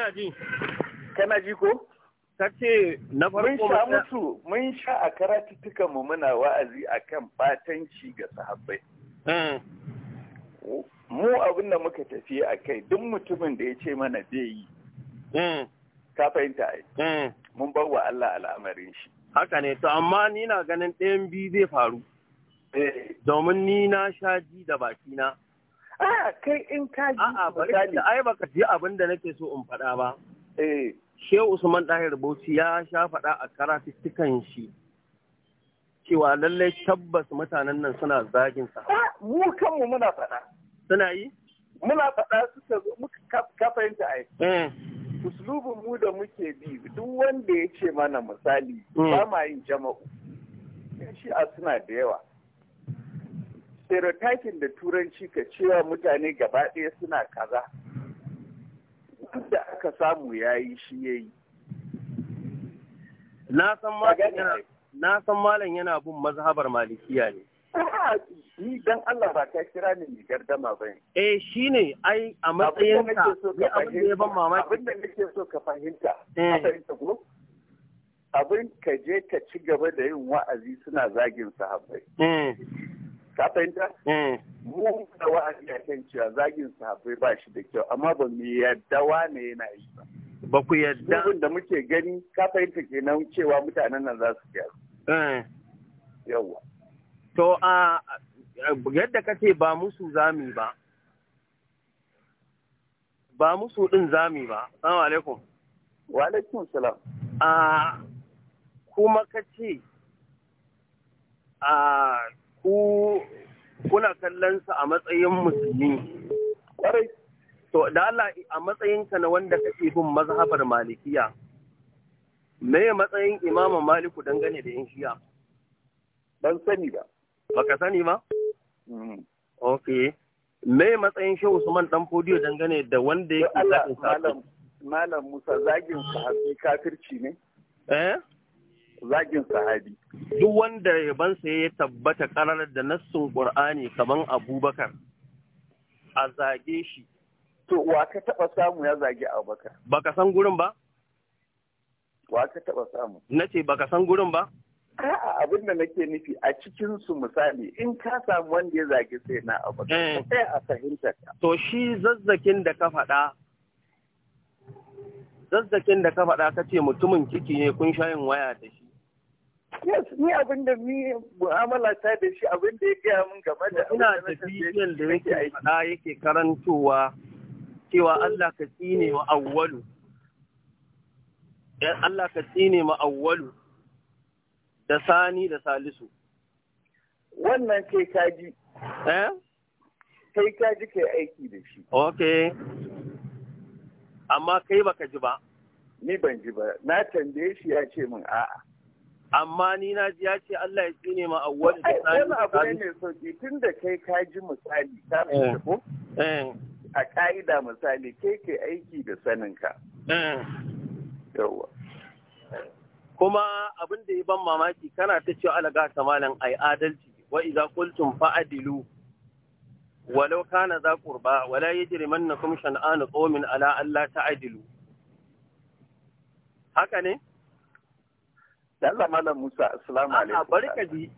ina ji kana ji ko na farko mun sha mutu mun sha a karatuttukan mu muna wa'azi akan batanci ga sahabbai hmm. mu abin da muka tafi a kai duk mutumin da ya ce mana zai yi hmm. ka fahimta ai hmm. mun bar wa Allah al'amarin shi haka ne to amma ni na ganin ɗayan biyu zai faru eh. domin ni na sha ji da bakina a kai in ka ji a'a bari da ai ka ji abin da nake so in faɗa ba eh Shehu Usman Dahir Bauchi ya sha faɗa a karatistikan shi cewa lallai tabbas mutanen nan suna zagin sa mu kanmu muna faɗa suna yi muna faɗa suka zo muka ka fahimta ai eh. uslubin mu da muke bi duk wanda ya ce mana misali hmm. ba ma yin jama'u shi a suna da yawa stereotyping da turanci ka cewa mutane gaba ɗaya suna kaza duk da aka samu ya yi shi ya yi na san malam yana bin mazhabar malikiya ne ni dan Allah ba ka kira ni mai gardama ba ne. eh ne ai a matsayin ka ni abin da ya ban mamaki abin da nake so ka fahimta eh. abin ka je ka ci gaba da yin wa'azi suna zagin sahabbai eh. ka fahimta mm. mu da wa'azi a kan cewa zagin sahabbai ba shi da kyau amma ba mu yadda wane yana yi ba ba ku yadda abin da muke gani ka fahimta kenan cewa mutanen nan za su gyaru mm. yawa to a yadda ce ba musu zami ba ba musu din zami ba assalamu alaikum wa alaikum salam a kuma kace a ku kuna kallon sa a matsayin musulmi to da Allah a matsayinka na wanda kake bin mazhabar malikiya me matsayin imama maliku dangane da yan shiya ban sani ba baka sani ba? Mm-hmm. ok me matsayin shehu usman dan fodiyo dangane da wanda yake zaɓin malam musa zagin sahabi kafirci ne eh zagin sahabi duk wanda yabansa ya tabbata karar da nassun qur'ani kaman abubakar a zage shi to wa ka taba samu ya zage abubakar baka san gurin ba wa ka taba samu nace baka san gurin ba A'a abin da nake nufi a cikin su misali in ka samu wanda ya zage sai na Abubakar. Eh. sai a fahimta To shi zazzakin da ka faɗa zazzakin da ka faɗa ka ce mutumin ciki ne kun sha yin waya da shi. yes ni abin da ni mu'amala ta da shi abin da ya gaya min game da ina da bidiyon da yake aika yake karantowa cewa Allah ka tsine wa awwalu dan eh, Allah ka tsine ma awwalu da sani da salisu wannan kai kaji eh kai kaji kai aiki da shi okay amma kai baka ji ba ni ban ji ba na tambaye shi ya ce min a'a amma ni na ji ya ce Allah ya tsine ma awwal da tsani wani abu ne mai sauki tun da kai ka ji misali eh. ta ko eh. a ka'ida misali kai ke aiki da saninka eh. yawa kuma abin da ya ban mamaki kana ta cewa alaga ta malam ai adalci wa idza qultum fa'adilu walau kana za qurba wala yajrimannakum shan'anu qawmin ala alla ta'adilu haka ne Allah Malam Musa, assalamu alaikum. A'a bari ka ji